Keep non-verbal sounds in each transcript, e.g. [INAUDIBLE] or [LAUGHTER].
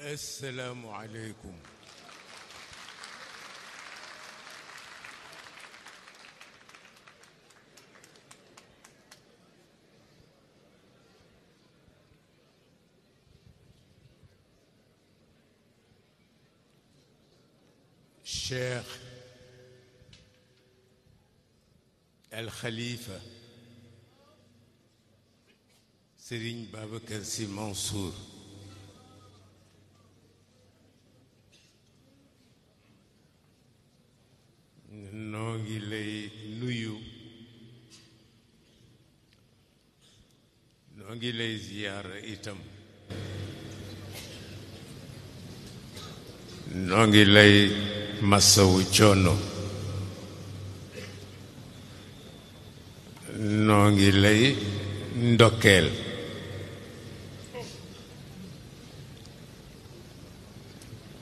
السلام عليكم الشيخ الخليفة سرين بابكر سي منصور ngi lay masawu coono noo ngi lay ndokkeel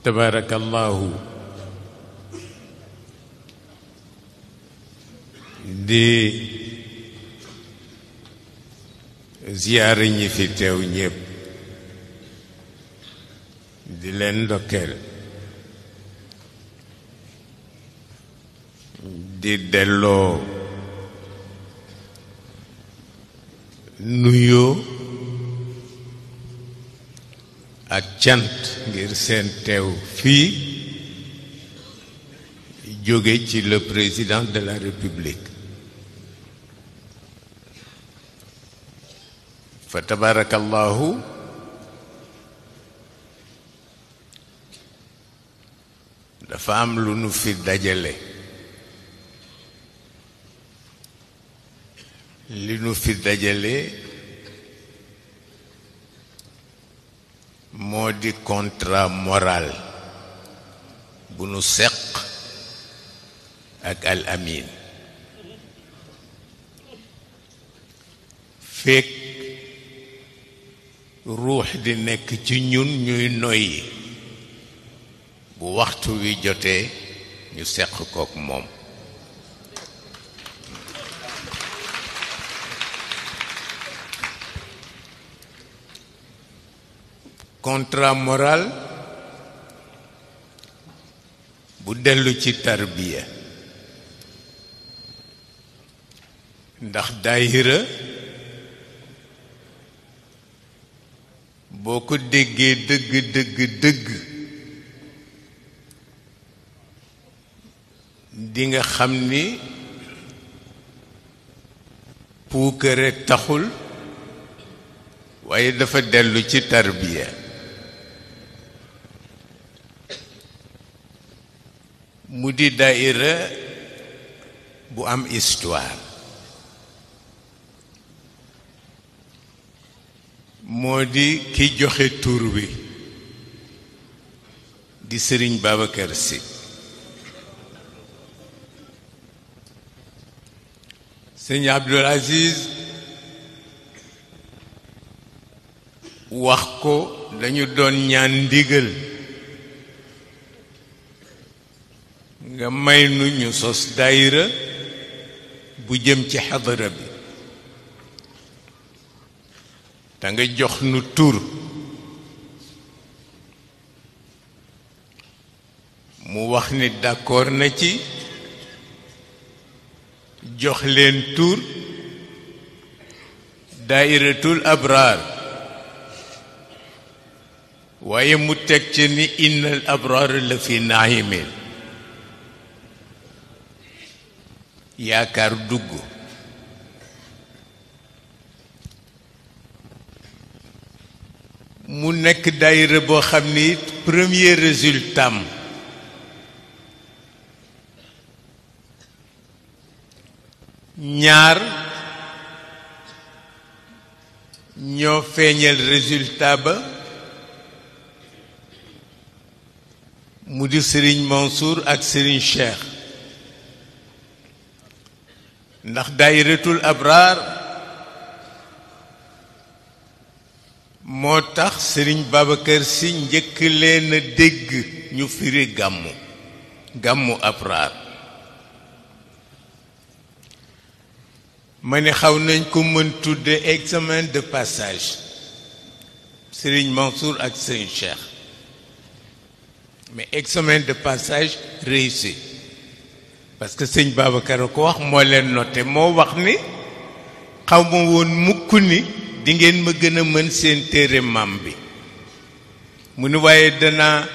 tabarakallahu di ziyaare ñi fi teew ñépp di leen ndokkeel di delloo nuyoo ak cant ngir seen teew fii jóge ci la président de la république fa tabarakallahu dafa am lu nu fi dajale li nu fi dajale moo di contrat moral bu nu seq ak al amin fekk ruux di nekk ci ñun ñuy noyyi bu waxtu wi jotee ñu seq kook moom contrat moral bu dellu ci tarbiya ndax daayira boo ko déggee dëgg dëgg dëgg di xam ni puukare taxul waaye dafa dellu ci tarbiya mu di daïra bu am histoire moo di ki joxe tur bi di Sëriñ Babacar Sy Sëñ Abdul Aziz wax ko dañu doon ñaan ndigal nga may nu ñu sos daayira bu jëm ci xadara bi da nga jox nu tur mu wax ni d'accord na ci jox leen tur dairatul abrar waaye mu teg ci ni innal abrar la fi naimin Y'a dugg mu nekk daayira boo premier résultat Nyar ñaar ñoo résultat ba mu di Mansour ak Serigne Cheikh ndax abrar motax serigne si leen ñu firi gamu à l'Abrar. mané xaw nañ ko de passage serigne Mansour ak Cheikh mais examen de passage réussi parce que sëñ Babacar ko wax moo leen noté moo wax ni xaw ma woon mukk ni dingeen ma gën a mën seen téere maam bi mu ni waaye danaa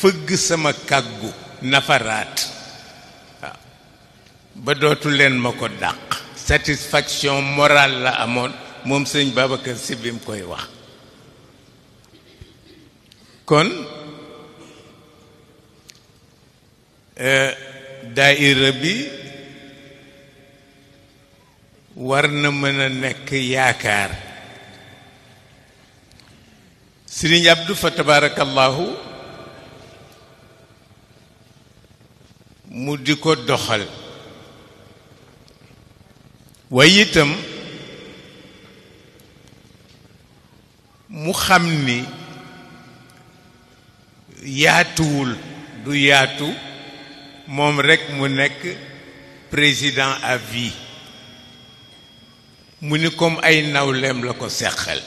fëgg sama kàggu nafaraat ba dootuleen ma ko dàq satisfaction morale la amoon moom sëñ Babacar si bi mu koy wax kon euh, daaira bi war na mën a nekk yaakaar Sëriñ Abdou fa tabarakallahu mu di ko doxal waaye itam mu xam ni yaatuwul du yaatu mom rek mu nekk président à vie mu ni comme ay nawlem la ko seqal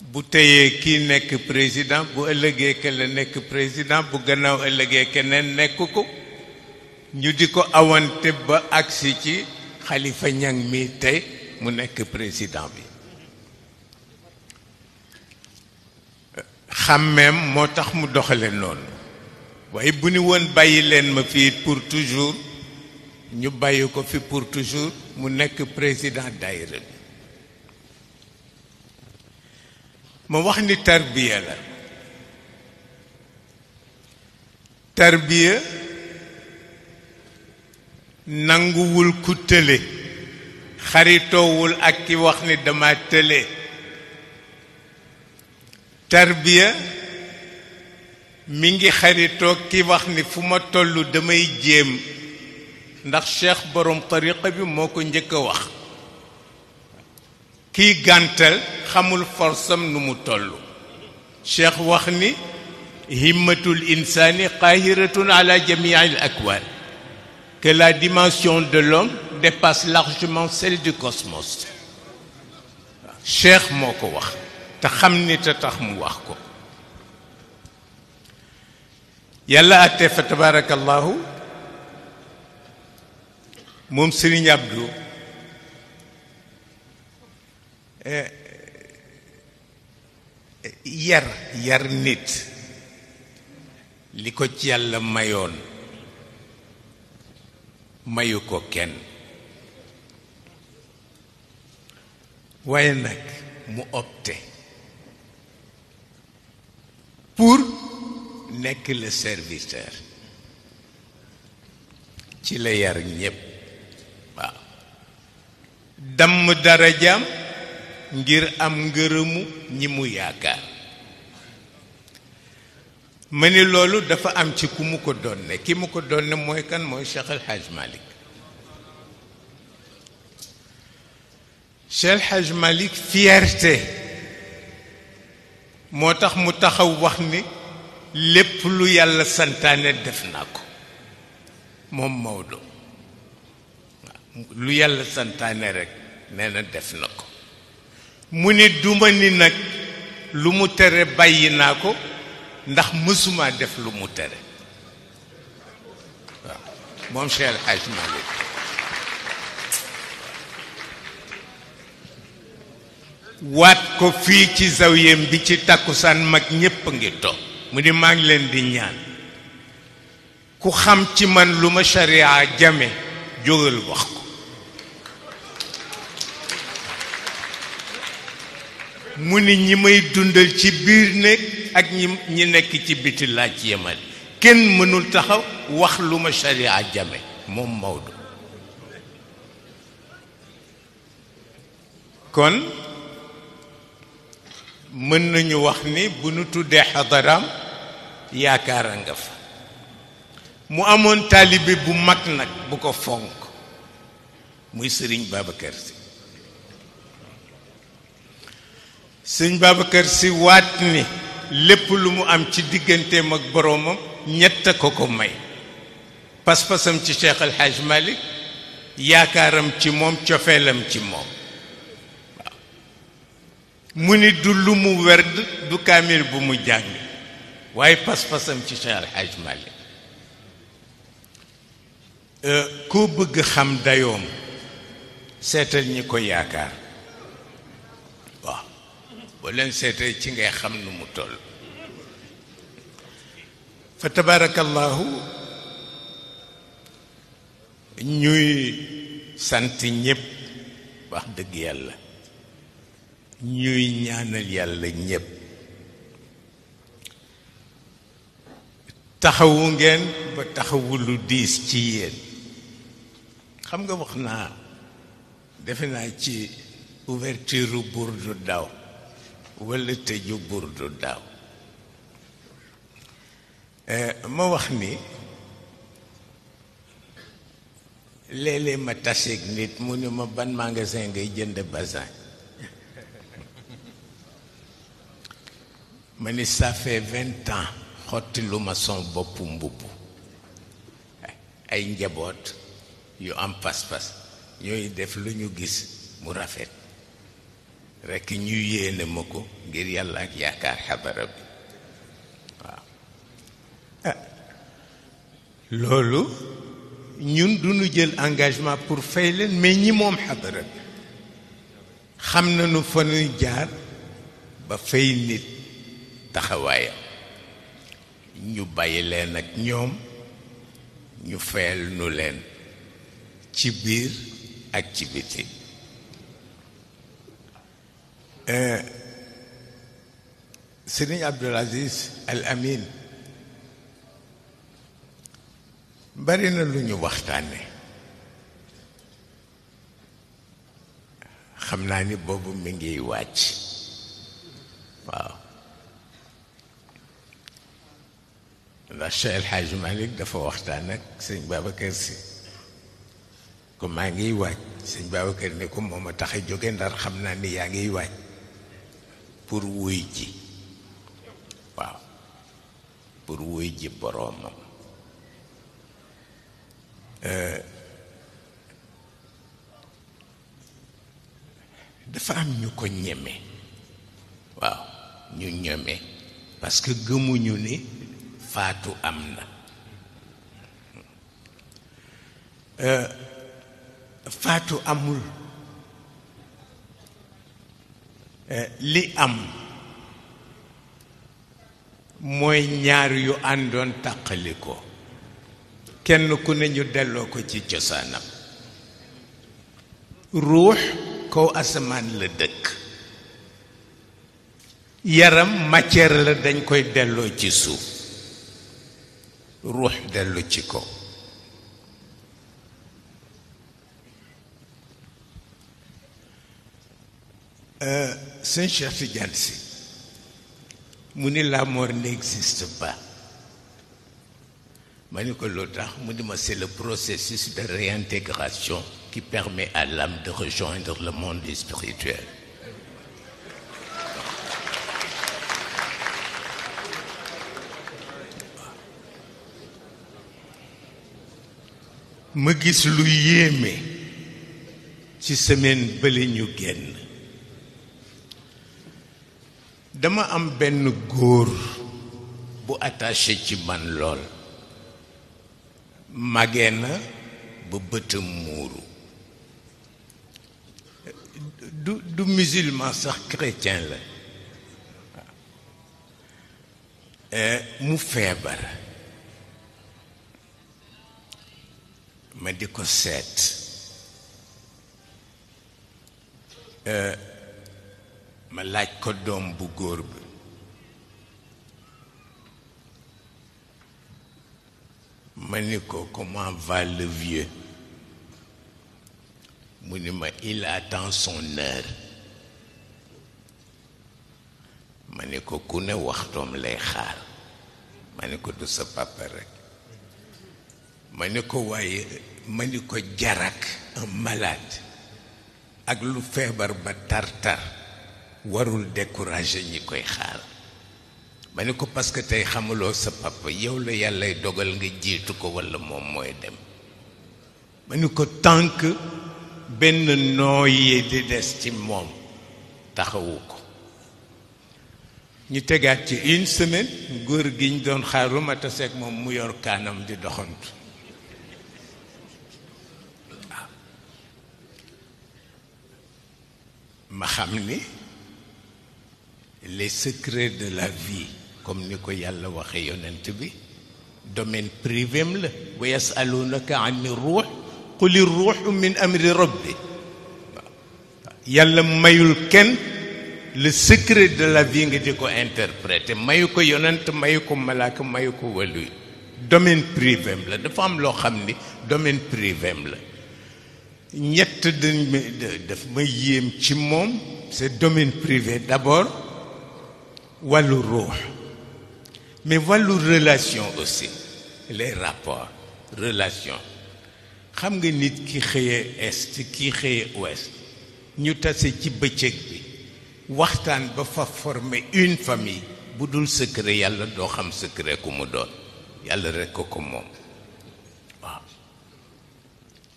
bu teyee kii nekk président bu ëllëgee ke la nekk président bu gannaaw ëllëgee keneen nekk ko ñu di ko awante ba agsi ci xalifa ñang mi tey mu nekk président bi xàmmeem moo mu doxale noonu waaye bu ni woon bàyyi leen ma fi pour toujours ñu bàyyi ko fi pour toujours mu nekk président daayira bi ma wax ni tarbiya la tarbiya nanguwul ku tële xaritoowul ak ki wax ni dama tële tarbiya mi ngi xaritoo ki wax ni fu ma tollu damay jéem ndax cheikh borom tariqa bi moo ko njëkk wax kiy gàntal xamul forsam nu mu toll cheikh wax ni himmatul insani qahiratun ala jamii al akwaan que la dimension de l'homme dépasse largement celle du cosmos cheikh moo ko wax te xam nit te tax mu wax ko yàlla àttee fa tabaarakallaahu moom Sëriñ Abdu eh, eh, yar yar nit li ko ci yàlla mayoon mayu ko kenn waaye nag mu opte pour nekk le serviteur ci la yar ñépp waaw damm darajaam ngir am ngërëmu ñi mu yaakaar ma ni loolu dafa am ci ku mu ko doon ki mu ko doon mooy kan mooy Cheikh El Hadj Malick Cheikh El Hadj moo tax mu taxaw wax ni lépp lu yàlla santaane def naa ko moom Maodo lu yàlla santaane rek nee na def na ko mu ni duma ni nag lu mu tere bàyyi naa ko ndax mësuma def lu mu tere waaw moom Cheikh El Hadj Malick waat ko fii ci zawiyem bi ci tàkkusaan mag ñépp ngi toog mu ni maa leen di ñaan ku xam ci man lu ma sharia jame jógal wax ko mu ni ñi may dundal ci biir néeg ak ñi ñi nekk ci biti laaj yemal kenn mënul taxaw wax lu ma sharia jame moom Maodo kon mën nañu wax ni bu nu tuddee xadaraam yaakaar a nga fa mu amoon taalibe bu mag nag bu ko fonk muy sëriñ Babacar Si sëriñ Babacar Si waat ni lépp lu mu am ci digganteem ak boroomam ñett a ko ko may pas-pasam ci Cheikh Al Hadj yaakaaram ci moom cofeelam ci moom mu ni du lu mu werd du kaamil bu mu jàng waaye pas-pasam ci Cheikh Al euh, koo bëgg xam dayoom seetal ñi ko yaakaar waaw boo leen seetal ci ngay xam nu mu toll fa tabaarakallaahu ñuy sant ñépp wax dëgg yàlla ñuy ñaanal yàlla ñépp taxawu ngeen ba taxawu lu diis ci yéen xam nga wax naa defe naa ci ouverture burdu daaw wala tëju burdu daaw eh, ma wax ni léeg ma taseeg nit mu ne ma ban magasin ngay jënd basin Mais ça fait 20 ans xottiluma son bopp mbubb eh, ay yu am pas-pas suis def de mu rafet rek ñu yéene ma ngir yàlla ak yaakaar bi eh, ñun jël engagement pour fay mais ñi moom bi xam taxawaayam ñu bàyyi leen ak ñoom ñu fayal nu leen ci biir ak ci biti euh, Sëriñ Abdul Aziz Al Amin bari na lu ñu waxtaane xam naa ni boobu mi ngiy wàcc waaw الشيخ الحاج مالك دفع وقتانك سين بابا كرسي كم ماغي واج سين بابا كرني كم موما تخي جوغين دار خمنا ني ياغي واج بور ويجي واو بور ويجي بروم ا أه. دفع ام نيوكو نيمي واو نيو نيمي باسكو غمو نيو ني faatu am na euh, faatu amul euh, li am mooy ñaar yu àndoon tàqali ko kenn ku ne ñu delloo ko ci cosaanam ruux kow asamaan la dëkk yaram matière la dañ koy delloo ci suuf ruux de ci euh, Saint-Chef Cheikh la mort n'existe pas ma ni c'est le processus de réintégration qui permet à l'âme de rejoindre le monde spirituel ma gis lu yéeme ci semaine bële ñu génn dama am benn góor bu attaché ci man lool màggee na ba bëtam muuru du du musulman sax chrétien la eh, mu feebar ma di ko seet euh, ma laaj ko doom bu góor bi ma ni ko comment va le mu ni ma il attend son ma ni ko ku ne waxtoom lay xaar ma ni ko du sa papa rek maniko way maniko jarak un malade ak lu febar ba tartar warul décourager ñi koy xaar maniko parce que tay xamulo sa papa yow la yalla dogal nga jitu ko wala mom moy dem maniko tànk ben noyé de des ci moom taxawu ñu tegaat ci une semaine gor giñ ñu doon xaaruma taseeg mom mu yor kanam di doxantu ma les secrets de la vie comme ni ko yàlla waxe yonent bi domaine privé m la wa yasalunaka an ruux quli ruuxu min amri rabbi yàlla mayul kenn le secret de la vie nga di ko interprété mayu ko yonent mayu ko malaaka mayu ko waluy domaine privé m la dafa am loo xam ni domaine privé m la ñett daf ma yéem ci moom c'est domaine privé d'abord wàllu ruux mais wàllu relation aussi les rapports relation xam nga nit ki xëyee est ki xëyee ouest ñu tase ci bëccëg bi waxtaan ba fa former une famille bu dul secret yàlla doo xam secret ku mu doon yàlla rek ko ko moom waaw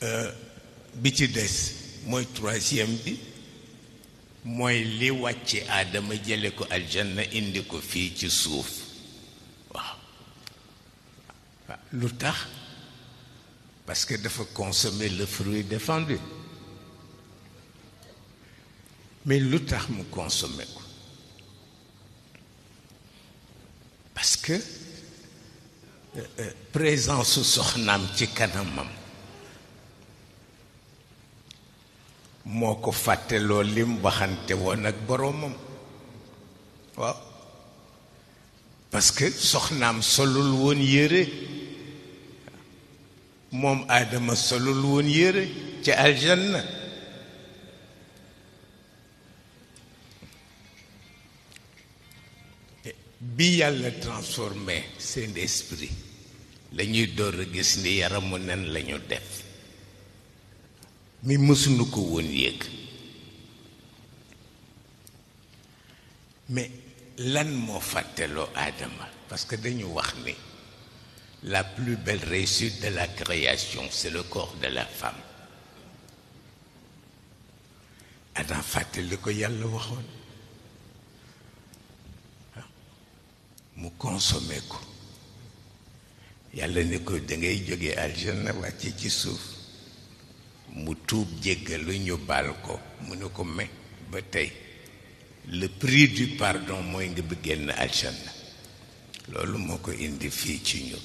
euh, bi ci troisième bi mooy li wàcce aadama jële ko indi ko ci parce que dafa consommer le fruit défendu mais lu consommer parce que euh, euh, présence ci kanamam moko ko un homme. waxante ak un wa parce que soxnam solul won yére mom solul ci aljanna bi transformé saint esprit lañuy door a gis ni yaramu lañu def mi mësuñu ko won yëg mais lan mo fatelo adama parce que dañu wax ni la plus belle réussite de la création c'est le corps de la femme adam fàttali ko yalla waxoon mu consommer ko yalla ne ko da ngay jógee aljanna ci souffre. mu tuub jéggalu ñu baal ko mu ne ko me ba tey le prix du pardon mooy nga bi génn aljanna loolu moo ko indi fii ci ñu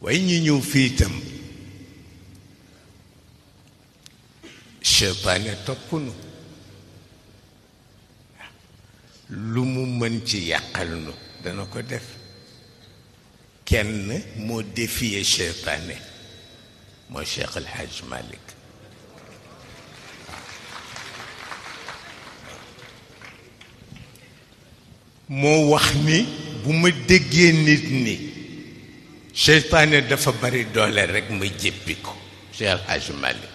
waaye ñu ñëw fii itam cheytaane topp lu mu mën ci yàqal nu dana ko def kenn moo défier cheytaane mooy Cheikh El Hadj Malick moo wax ni bu ma déggee nit ni seytaane dafa bari doole rekk ma jéppi ko Cheikh El Hadj Malick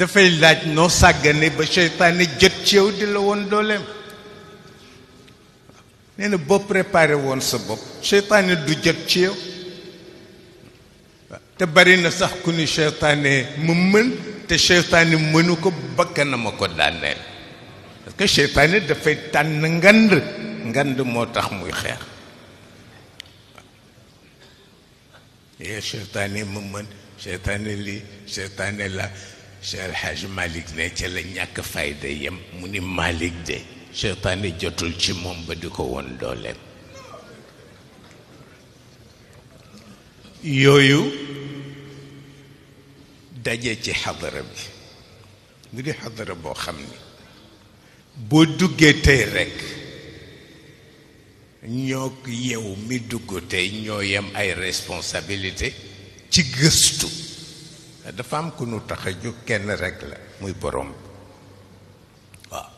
dafay laaj noo sàggane ba seytaane jot ci yow di la woon dooleem nee na boo préparé woon sa bopp seytaane du jot ci yow te bari na sax ku ni seytaane ma mën te seytaane mënu ko bakkanama ko daaneel parce que seytaane dafay tànn ngand ngand moo tax muy xeex yee eh, seytaane ma mën seytaane lii seytaane la Cheikh El Hadj ne ca la ñàkk fayda yem mu ni Malick de seytaane jotul ci moom ba di ko woon dooleem yooyu daje ci xadara bi mu di xadara boo xam ni boo duggee tey rekk ñoo yow mi dugg tey ñoo yem ay responsabilité ci gëstu dafa am ko nu tax a jóg kenn rekk la muy borom waaw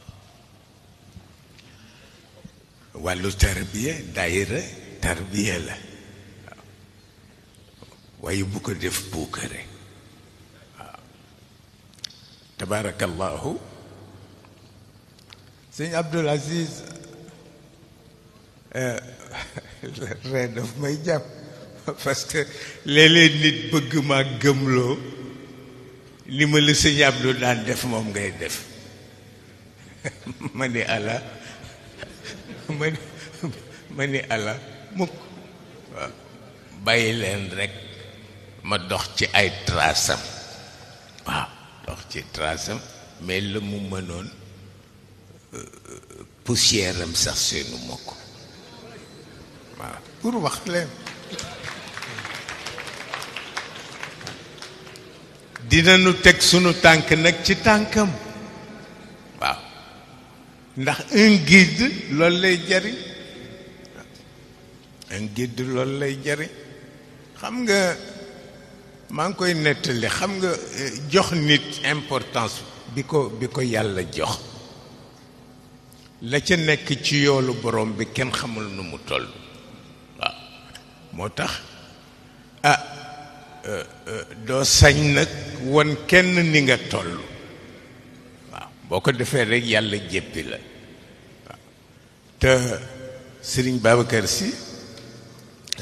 wàllu tarbiya daayira tarbiya la waaye bu ko def puukare tabaarakallaahu sëñ Abdul Aziz eh, [LAUGHS] ree daf may jàpp parce que léeg nit bëgg maa gëmloo li ma la sëñ Abdul daan def moom ngay def [LAUGHS] ma ni ala ni [LAUGHS] ma ni mukk bàyyi leen rekk ma dox ci ay trasam waaw dox ci trasam mais la mu mënoon euh, poussière am sax seenu ma ko waaw pour wax leen dinañu teg sunu tànk nag ci tànkam waaw ndax un guide loolu lay jariñ un guide lay jari xam nga maa ngi koy nettali xam nga eh, jox nit importance bi ko bi ko yàlla jox la ca nekk ci yoolu borom bi kenn xamul nu mu toll waaw moo tax ah eh, eh, doo sañ nag won kenn ni nga toll waaw boo ko defee rekk yàlla jéppi la waaw te Sëriñ Babacar si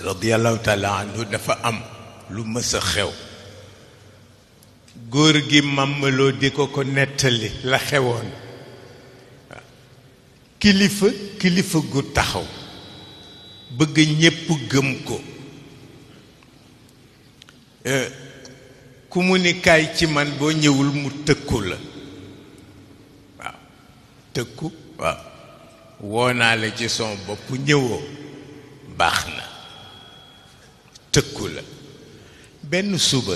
radiallahu taala dafa am lu mës a xew góor gi màmmaloo di ko ko nettali la xewoon kilifa kilifa gu taxaw bëgg ñépp gëm ko ku mu ni kaay ci man boo ñëwul mu tëkku la waaw tëkku waaw ci son bopp ñëwoo baax na tëkku la benn suba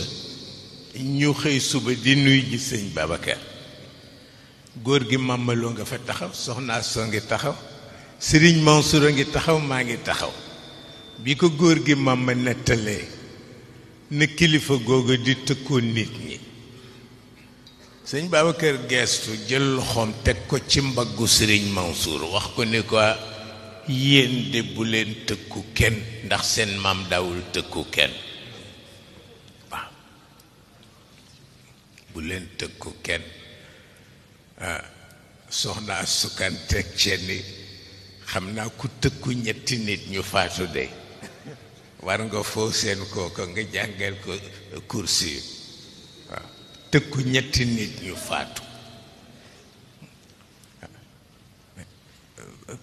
ñu xëy suba di nuy ji sëñ Babacar góor gi màmmaloo nga fa taxaw soxnaa ngi taxaw sëriñ Mansour a ngi taxaw maa ngi taxaw bi ko góor gi màmma nettalee ne kilifa googu di tëkkoo nit ñi sëñ Babacar geestu jël loxoom teg ko ci mbaggu sëriñ Mansour wax ko ne ko yéen de bu leen tëkku kenn ndax seen maam daawul tëkku kenn bu leen tëkku kenn ah, soxna sukkan teg xam naa ku tëkku ñetti nit ñu faatu de war nga foo seen kooko nga jàngal ko kursi ah, tëkku ñetti nit ñu faatu ah,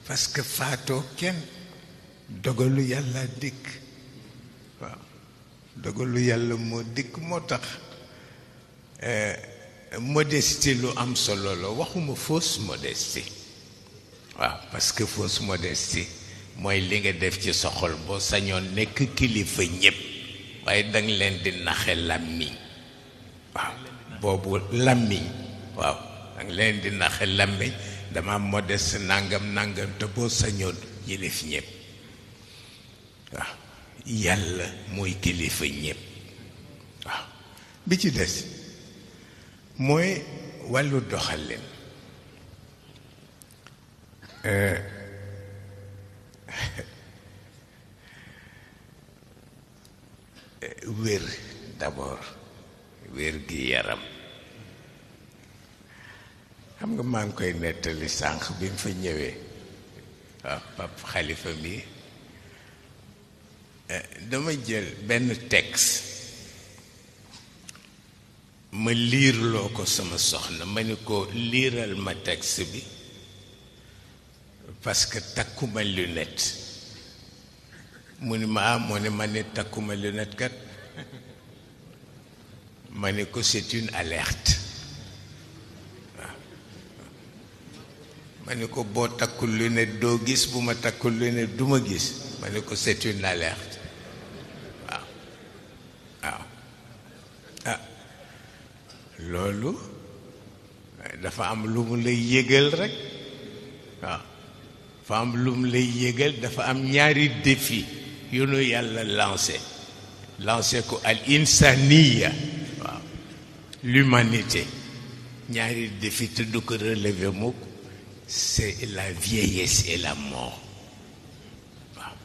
parce faatoo kenn dogalu yàlla dikk dogalu yàlla moo dikk moo tax Euh, modestie lu am solo la waxuma fausse modestie waaw parce que fausse mooy li nga def ci sa xol boo sañoon nekk kilifa ñëpp waaye danga leen di naxe làmmiñ waaw boobu làmmiñ waaw danga leen di naxe làmmiñ dama modeste nangam nangam te boo sañoon yilif ñëpp waaw yàlla mooy kilifa ñëpp waaw bi ci des mooy wàllu doxalin eh, [LAUGHS] wér d'abord wér gi yaram xam nga maa ngi koy nettali sànq bi mu fa ñëwee waaw ah, pap xalifa bi eh, dama jël benn texte ma liirloo ko sama soxna ma ni ko liiral ma texte bi parce que takkuma lunette mu ni ma ah moo ne ma ne takkuma lunette kat ma ne ko c'est alert alerte waaw ma ne ko boo takkul lunette doo gis bu ma takkul lunette du ma gis ma ne ko c'est une loolu dafa am lu mu lay yëgal rek waaw dafa am lu mu lay yëgal dafa am ñaari défi yu nu yàlla lancé lancé ko al insaniya waaw l'humanité ñaari défi te ko relever mukk c'est la vieillesse et la mort waaw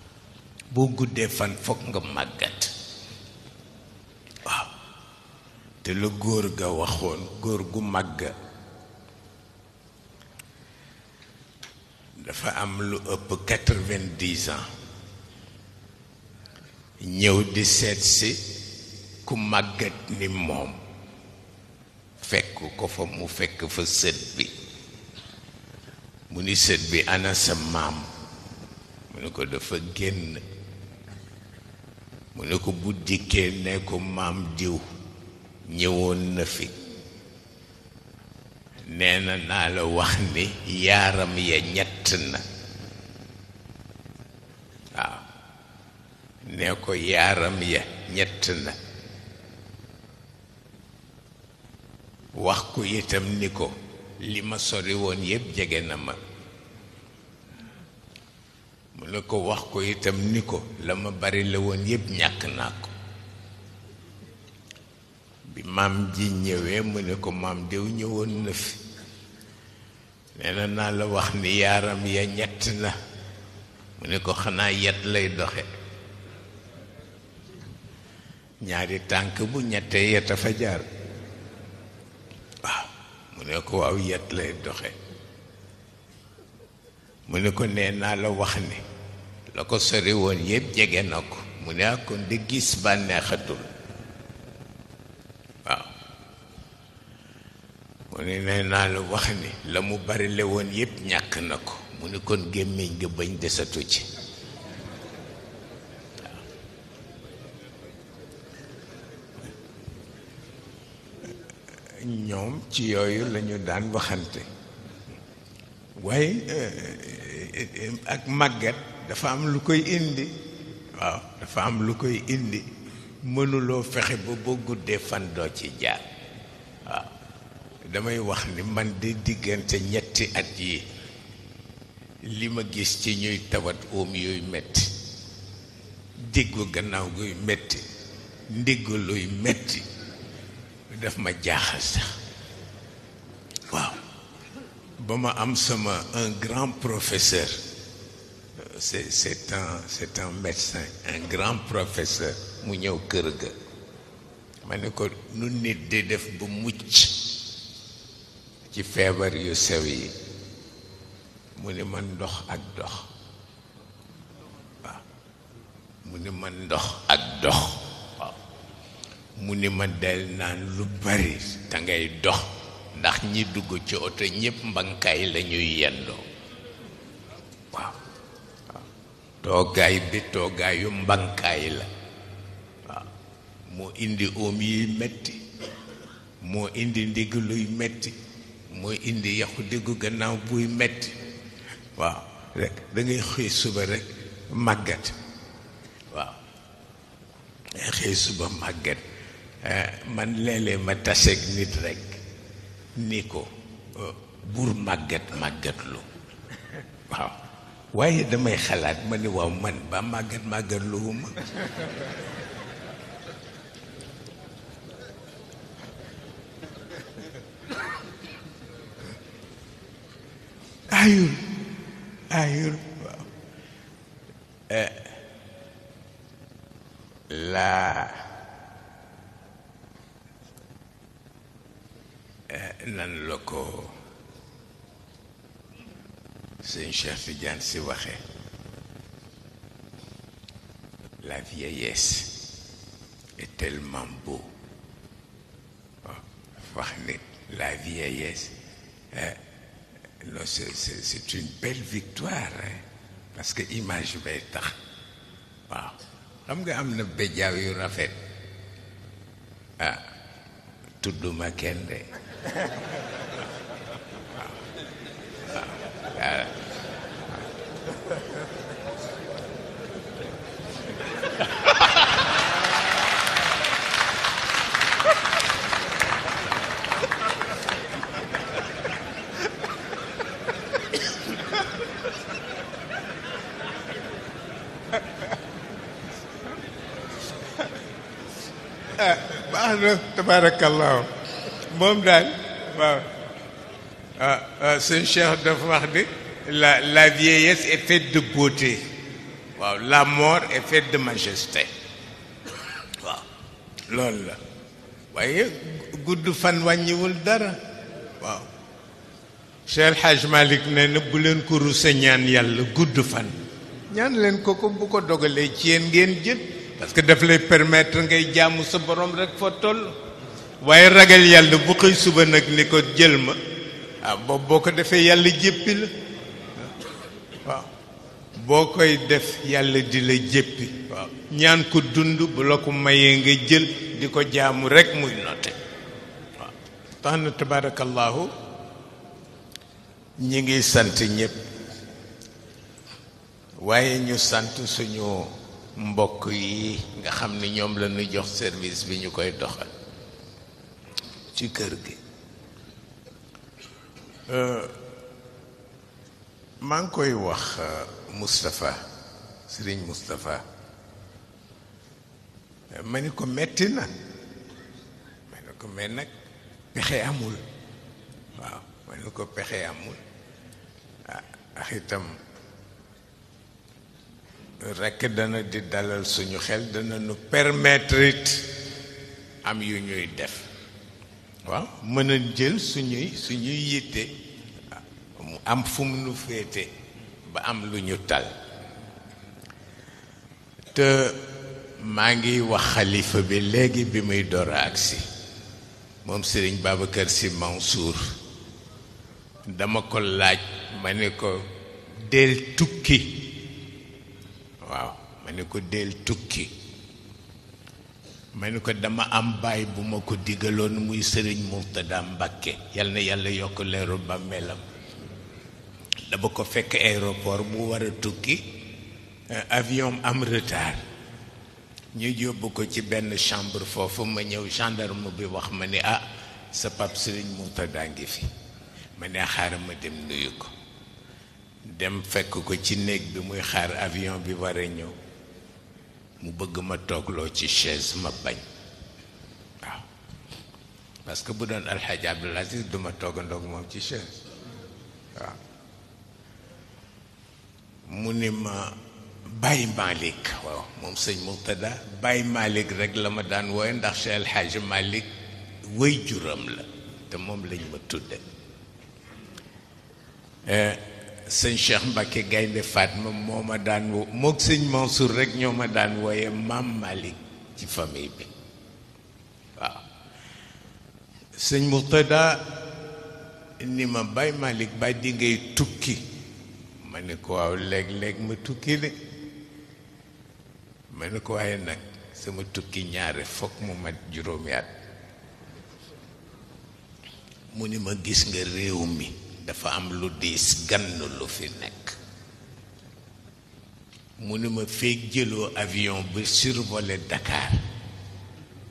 boo guddee fan foog nga màggat te la góor ga waxoon góor gu màgg dafa am lu ëpp quatre-vingt-dix ñëw di seet si ku màggat ni moom fekk ko fa mu fekk fa sët bi mu ni sët bi ana sa maam mu ne ko dafa génn mu ne ko bu dikkee ne ko maam diw ñëwoon na fi nee na naa la wax ni yaaram ya ñett na waaw nee ko yaaram ya ñett na wax ko itam ni ko li ma sori woon yépp jege na ma mu ne ko wax ko itam ni ko la ma bari la woon yépp ñàkk naa ko bi maam ji ñëwee mu ne ko maam diw ñëwoon na fi nee na naa la wax ni yaaram ya ñett na mu ne ko xanaa yet lay doxe ñaari tànk bu ñettee yet a fa waaw mu ne ko waaw yet lay doxe mu ne ko nee naa la wax ni la ko sori woon yëpp jege na ko mu ne ak kon gis bànneexatul ne naa la wax ni la mu bari le yépp ñàkk na mu ni kon gémmiñ ci ñoom ci yooyu lañu daan waxante waaye euh, ak màggat dafa am lu koy indi waaw dafa am lu koy indi mënuloo fexe ba guddee fan ci jaar damay wax ni man de diggante ñetti at yi li ma gis ci ñuy tawat oom yooyu metti diggu gannaaw guy metti ndiggu luy metti daf ma jaaxal sax waaw ba ma am sama un grand professeur c'est c'est un médecin un grand professeur mu ñëw kër ga ma ne ko nu nit di def ba mucc ci feebar yu sew yi mu ni man ndox ak dox mu ni man ndox ak dox mu ni ma del naan lu bari te dox ndax ñi dugg ci oto ñépp mbankaay la yendoo waaw waaw bi toogaayu mbankaay la moo indi oom yi metti moo indi ndigg luy metti mooy indi yàqu déggu gannaaw buy metti waaw rek da xëy suba rek màggat waaw ngay xëy suba màggat eh, man léeg-léeg ma taseeg nit rek ni ko oh, buur màggat màggat waaw waaye damay xalaat ma ni waaw man ba màggat màggat luuma ayul ayul eh, la laa eh, nan la ko sëñ Cheikh Tidiane si waxe la vieillesse est tellement beau oh, wax ni la vieillesse eh, c'est une belle victoire hein. parce que image bay tax hein. waaw xam nga am na béjaaw rafet ah tudduma kenn tabaarakallaahu mom dal waaw ah, ah sëñ Cheikh daf wax de la la vieillesse est faite de beauté waaw la mort est faite de majesté waaw lol, la waaye gudd fan wagnewul dara waaw Cheikh El Hadj ne ne na bu leen ko rusa ñaan yàlla gudd fan ñaan len ko ko bu ko dogalee ci yéen ngeen jël parce que daf lay permettre ngay jaamu sa borom rek fa toll waaye ragal yàlla bu xëy suba nag ni ko jël ma ah boobu boo ko defee yàlla jéppi la boo koy def yàlla di la jéppi ñaan ko dund bu la ko mayee nga jël di ko jaamu rekk muy notte waaw tax na tabaarakallaahu ñi ngi sant ñépp waaye ñu sant suñu mbokk yi nga xam ni ñoom la jox service bi ñu koy doxal ci kër gi euh, maa ngi koy wax euh, mustafa Sëriñ mustafa euh, ma ni ko metti na ma ni ko mais nag pexe amul waaw ma ni ko pexe amul ah, ah itam rekk dana di dalal suñu xel dana nu permettre it am yu ñuy def waaw mën a jël suñuy suñuy yitte mu am fu mu nu féete ba am lu ñu tal te maa ngi wax xalifa bi léegi bi muy door a agsi moom sëriñ Babacar Sy Mansour dama ko laaj ma ne ko del tukki waaw ma ne ko del tukki ma ni ko dama am baay bu ma ko digaloon muy sëriñ Murtada Mbàkke yal na yàlla yokk leeru bàmmeelam dama ko fekk aéroport mu war a tukki eh, avion am retard ñu yóbbu ko ci benn chambre foofu ma ñëw gendarme bi wax ma ni ah sa pap sëriñ Murtada ngi fi ma ne xaaral ma dem nuyu ko dem fekk ko ci néeg bi muy xaar avion bi war a ñëw mu bëgg ma toogloo ci chaise ma bañ waaw parce que bu doon alxaaji Abdul Aziz duma toogandoog moom ci chaise waaw mu ni ma Baye Malick waaw moom sëñ Murtada bàyyi Malick rek la ma daan wooye ndax Cheikh El Hadj wëy juram la te moom lañ ma tudd eh, sëñ Cheikh Mbacke Gaynde Fatma moo ma daan woo moog sëñ Mansour rek ñoo ma daan wooye maam Malick ci famille bi waaw sëñ Murtada ni ma Baye Malick ba di ngay tukki ma ne ko waaw léeg-léeg ma tukki de ma ne ko waaye nag sama tukki ñaare fokk mu mat juróomi at mu ni ma gis nga réew mi dafa am lu diis gann lu fi nekk mu ne ma feeg jëloo avion bi survolé Dakar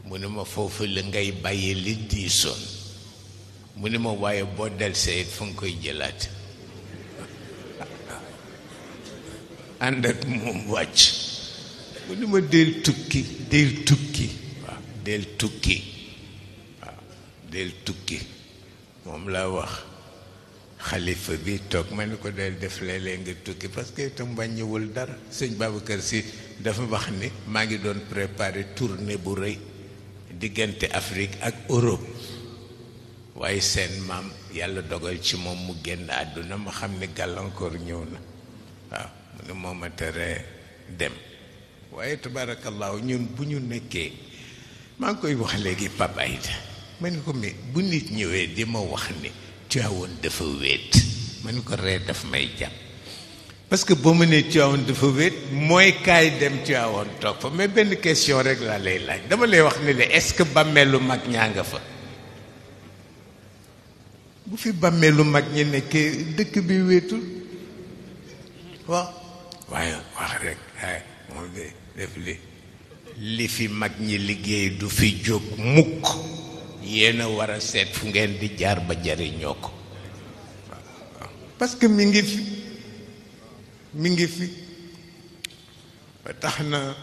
mu ne ma foofu la ngay bàyyi li diisoon mu ne ma waaye boo delsee it nga koy jëlaat [LAUGHS] ànd ak moom wàcc mu ne ma del tukki del tukki del tukki moom laa wax xalifa bi toog ma ne ko del def léeg-léeg nga tukki parce que itam ñëwul dara sëñ Babacar si dafa wax ni maa ngi doon préparer tournée bu rëy diggante Afrique ak Europe waaye seen maam yàlla dogal ci moom mu génn àdduna ma xam ne gàllankoor ñëw na waaw mu ne moo ma tere dem waaye tabaarakallaahu ñun bu ñu nekkee maa ngi koy wax léegi Pape ma ne ko mais bu nit ñëwee di ma wax ni Tiwaawoon dafa wéet man ko ree daf may jàpp parce que boo ma nee Tiwaawoon dafa wéet mooy kaay dem Tiwaawoon toog fa mais benn question rek laa lay laaj dama lay wax ne la est-ce que bàmmeelu mag ñaa nga fa bu fi bàmmeelu mag ñi nekkee dëkk bi wéetul waaw waaye wax rek waaye moom de def li li fi mag ñi liggéey du fi jóg mukk yéen a war a seet fu ngeen di jaar ba jariñoo ko parce que mi ngi fi mi ngi fi ba tax na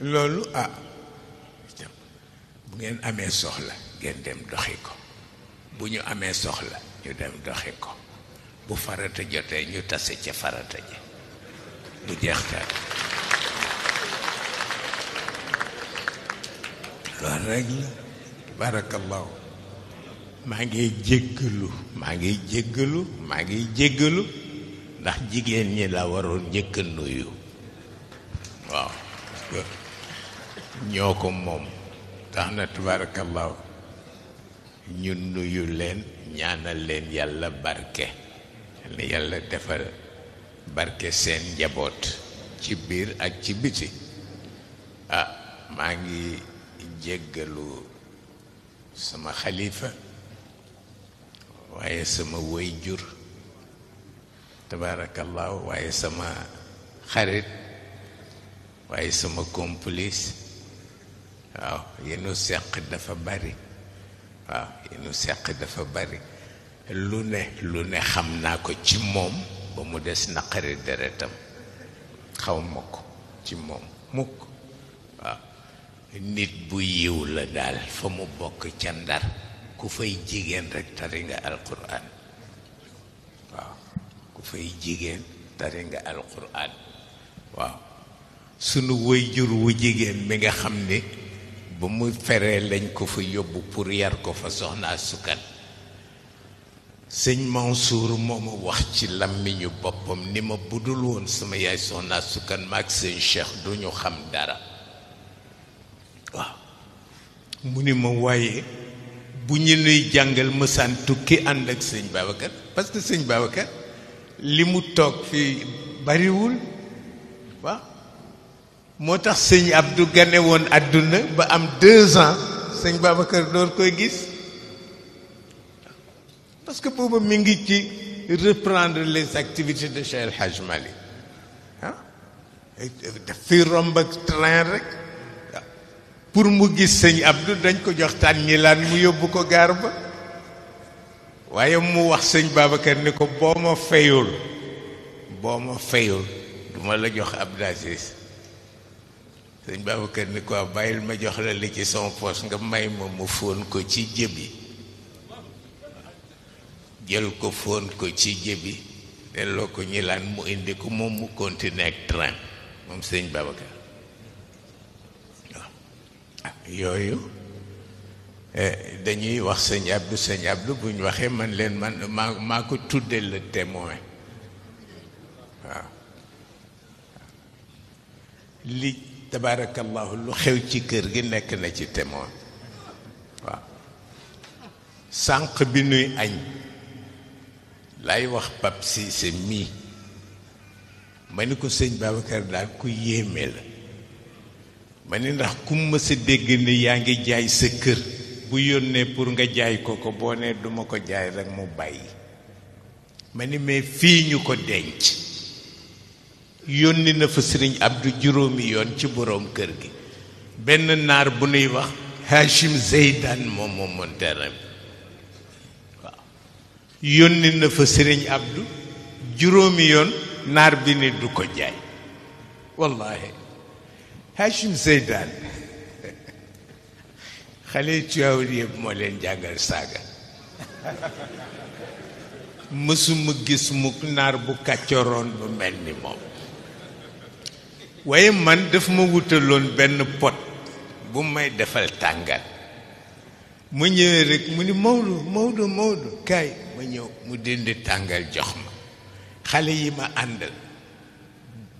loolu ah bu ngeen amee soxla ngeen dem doxi ko bu ñu amee soxla ñu dem doxi ko bu farata jotee ñu tase ca farata ji bu jeex lool maa ngi jéggalu maa ngi jéggalu maa ngi jéggalu ndax jigéen ñi la waroon njëkk a waaw ñoo ko moom tax na tabarakallahu ñu nuyu leen ñaanal leen yàlla barke na yàlla defal barke seen njaboot ci biir ak ci biti ah maa ngi jeggalu sama xalifa waaye sama wayjur tabaarakallaahu waaye sama xarit waaye sama complice waaw yenu seq dafa bari waaw yenu seq dafa bari lu ne lu ne xam naa ko ci moom ba mu des naqari deretam xaw ma ko ci moom mukk waaw nit bu yiw la daal fa mu bokk ca ndar ku fay jigéen rek tari nga waaw ku fay jigéen tari nga alquran waaw sunu wayjur wu jigéen mi nga xam ni ba mu feree lañ ko fa yóbbu pour yar ko fa soxnaa sukkan sëñ Mansour moo wax ci làmmiñu boppam ni ma budul woon sama yaay soxnaa sukkan maag sëñ Cheikh duñu xam dara waaw mu ma waaye bu ñu nuy jàngal mësaan tukki and ak seigne Babacar parce que seigne Babacar li mu toog fii bariwul wa motax seigne Abdou gane woon àdduna ba am 2 ans seigne Babacar door koy gis parce que bobu mi ngi ci reprendre les activités de Cheikh El Hadj Malick ah daf train rek pour mu gis sëñ Abdou dañ ko joxtaan tànnilaan mu yóbbu ko gaar ba waaye mu wax sëñ Babacar ni ko boo ma fayul boo ma fayul duma la jox Abdou Aziz sëñ Babacar ni ko ah, bàyyil ma jox la li ci son poos nga may ma mu fóon ko ci jëbi jël ko fóon ko ci jëbi delloo ko ñilaan mu indi ko moom mu continuer ak train moom sëñ Babacar yooyu eh, dañuy wax sëñ Abdou sëñ Abdou bu ñu waxee man leen man maa maa ko tuddee le témoin waaw li tabaarakallahu lu xew ci kër gi nekk na ci témoin waaw sànq bi nuy añ lay wax Pape Cissé mii ma ni ko sëñ Babacar daal ku yéeme la ma ni ndax ku ma sa dégg ni yaa ngi jaay sa kër bu yónnee pour nga jaay ko ko boo nee duma ko jaay rekk mu bàyyi ma ni mais fii ñu ko denc yónni na fa sëriñ Abdou juróomi yoon ci boroom kër gi benn naar bu nuy wax Hachim Zeydan moom moom moom yónni na fa sëriñ Abdou juróomi yoon naar bi ni du ko jaay wallaahi Hachim Seydaan xale yi Tiwaawaan yëpp moo leen jàngal saaga mësuma gis mukk naar bu kàccoroon bu mel ni moom waaye man daf ma wutaloon benn pot bu may defal tàngal mu ñëwee rek mu ni Maodo Maodo Maodo kaay ma ñëw mu dindi tàngal jox ma xale yi ma àndal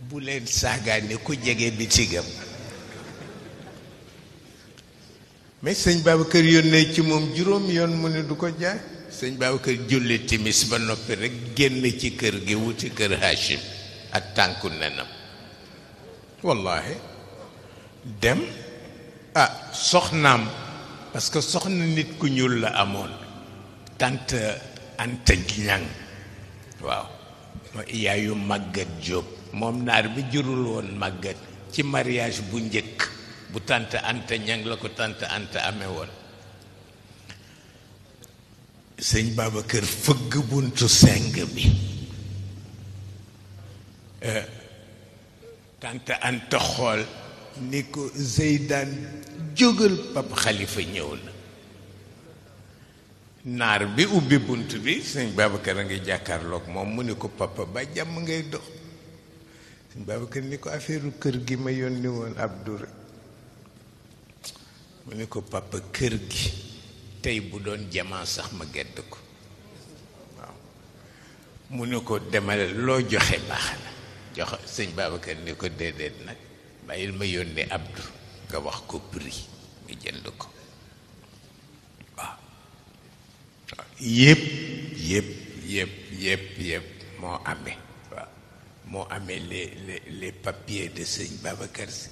bu leen saagaane ku jege bi sigam mais sëñ Babacar yónnee ci moom juróom yoon mu ne du ko jaay sëñ Babacar julli timis ba noppi rek génn ci kër gi wuti kër Hachim ak tànku nenam wallaahi dem ah soxnaam parce que soxna nit ku ñuul la amoon tant Anta Ñang waaw yaayu màggat Jóob moom naar bi jurul woon màggat ci mariage bu njëkk bu tant anta ñang la ko tant anta amee woon sëñ Babacar fëgg buntu seng bi euh, tant anta xool ni ko Zeydaan jógal pap xalifa ñëw na naar bi ubbi bunt bi sëñ Babacar a ngi jàkkaarloog moom mu ni ko papa ba jàmm ngay dox sëñ Babacar ni ko affaireu kër gi ma yónni woon Abdou rek mu ne ko papa kër gi tey bu doon jamaa sax ma gedd ko waaw mu ne ko demal loo joxe baax na joxe sëñ Babacar ne ko déedéet nag bàyyil ma yónnee Abdou nga wax ko prix nga jënd ko waaw yépp yépp yépp yépp yépp moo amee waaw moo amee les les les papiers de sëñ Babacar si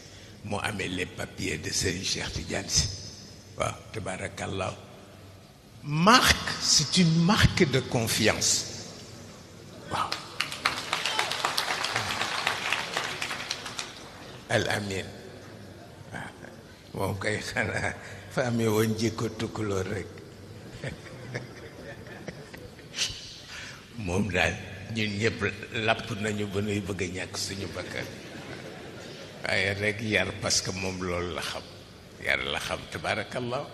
moi amé les papiers de Serigne Cheikh Tidiane Sy tabarakallah marque c'est une marque de confiance wa al amin mom kay xanaa fa amee jiko jikko tukkuloor rek mom dal ñun ñëpp nañu ba bëgg ñak suñu bakkar waaye rek yar parce que moom loolu la xam yar la xam tabarakallah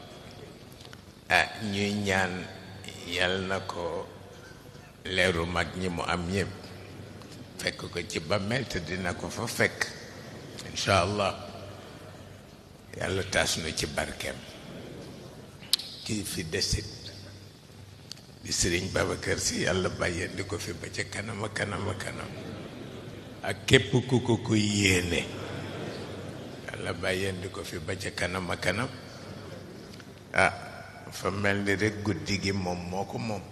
ah ñuy ñaan yal na ko leeru mag ñi mu am yëpp fekk ko ci bàmmeel te dina ko fa fekk incha allah yàlla taas nu ci barkeem kii fi desit di sëriñ kër si yàlla bàyyeen di ko fi ba ca kanama kanama kanam ak képp ku ko ko yéene la bàyyeen ko fi ba ca kanam kanam ah fa mel ni rekk guddi gi moom moo ko moom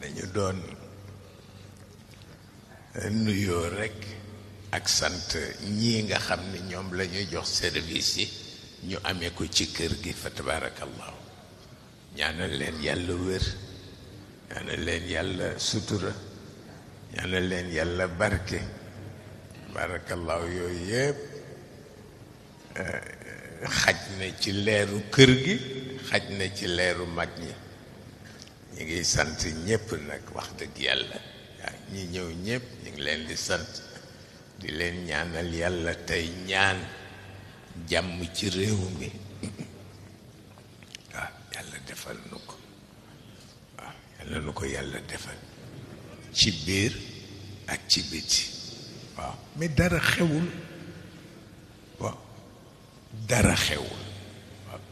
dañu doon eh, nuyoo rekk ak sant ñii nga xam ne ñoom la ñuy jox service yi ñu amee ko ci kër gi fa tabarakallahu ñaanal leen yàlla wér ñaanal leen yàlla sutura ñaanal leen yàlla barke barakallahu yooyu yëpp xaj na ci leeru kër gi xaj na ci leeru mag ñi ñu ngi sant ñépp nag wax dëgg yàlla waaw ñi ñëw ñépp ñu ngi leen di sant di leen ñaanal yàlla tey ñaan jàmm ci réew mi waaw yàlla defal nu ko waaw yàlla nu ko yàlla defal ci biir ak ci biti waaw mais dara xewul waaw dara xewul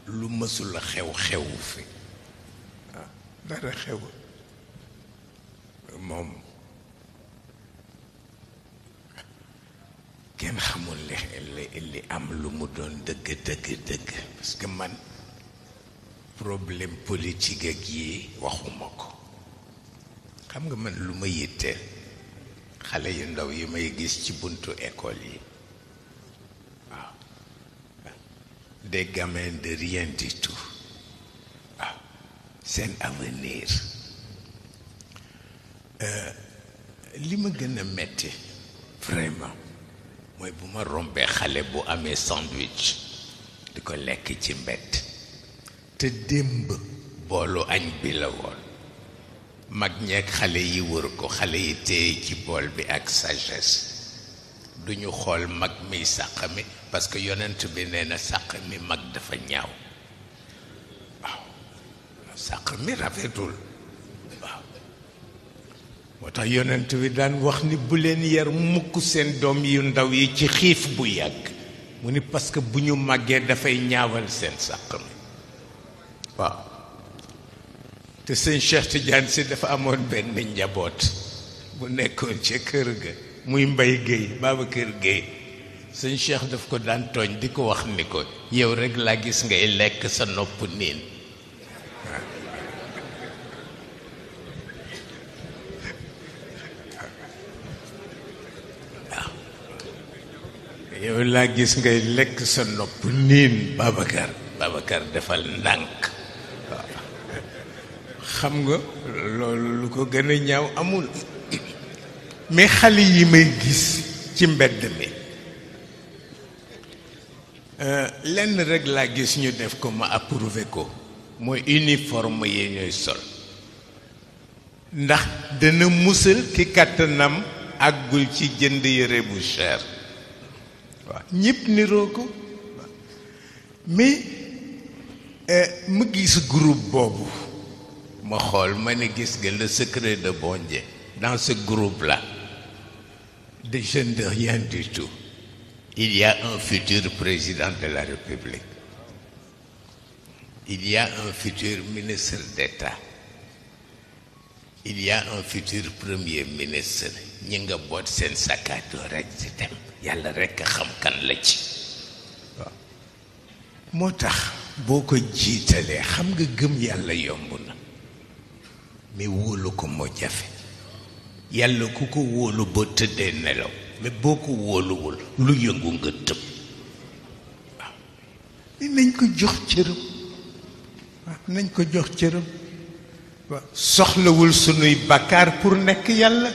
lu mësula xew xewu fi ah, dara xewul moom kenn xamul li li am lu mu doon dëgg dëgg dëgg parce que man problème politique ak yi waxuma ko xam nga man lu ma yitteel xale yu ndaw yi may gis ci buntu école yi des gamins de rien du tout c'est ah, un avenir Ce que je veux vraiment mooy bu sandwich de ko lekk ci te démb boolu añ bi la mag yi wër ko yi ci sagesse duñu parce que yonent bi nee na sàq mi mag dafa ñaaw waaw sàq mi rafetul moo tax yonent bi daan wax ni bu leen yar mukk seen doom yu ndaw yi ci xiif bu yàgg mu ni parce que bu ñu màggee dafay ñaawal seen sàq mi waaw te sëñ Cheikh Tidiane si dafa amoon benn njaboot bu nekkoon ca kër ga muy mbay géey Babacar Géey sëñ Cheikh daf ko daan tooñ di ko wax ni ko yow rekk laa gis ngay lekk sa nopp niin yow laa gis ngay lekk sa nopp niin defal ndànk xam nga loolu lu ko gën a ñaaw amul mais xale yi may gis ci mbedd mi Euh, lenn rek laa gis ñu def ko ma approuvé ko mooy uniforme yi ñuy sol ndax dana musal ki kàttanam àggul ci jënd yëre bu cher waaw ñëpp niroo ko mais euh, mu gis groupe boobu ma xool ma ne gis gën le secret de bon dans ce groupe la de jeunes de rien il y a un futur président de la République. Il y a un futur ministre d'État. Il y a un futur premier ministre. ñi nga boot seen sakkaatoo rek ci dem Yalla rek xam kan la ci waaw moo tax ko xam nga gëm Yalla yombuna. mais wóolu ko mo jafé. Yalla ku ko wóolu boo nelaw mais boo ko wóoluwul lu yëngu nga tëb waaw nañ ko jox cëram waaw nañ ko jox cëram waaw soxlawul sunuy bakkaar pour nekk yàlla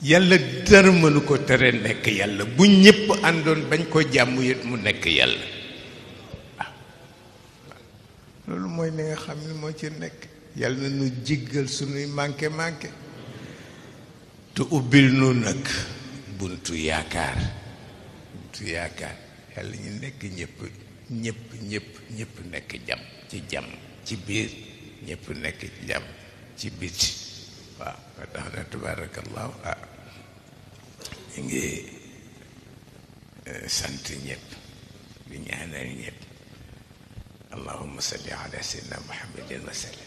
yàlla dara mënu ko tere nekk yàlla bu ñépp àndoon bañ ko jàmm yit mu nekk yàlla loolu mooy li nga xam ni moo ci nekk yàlla na nu jéggal sunuy manqué manqué ubil nunak buntu yakar buntu yakar hal ini nekk nyep nyep nyep nyep nekk jam ci jam ci bir nyep nekk jam ci biti wa nga tabarakallah na ngi eh, sant nyep di ñaanal nyep allahumma salli ala sayyidina muhammadin wa sallam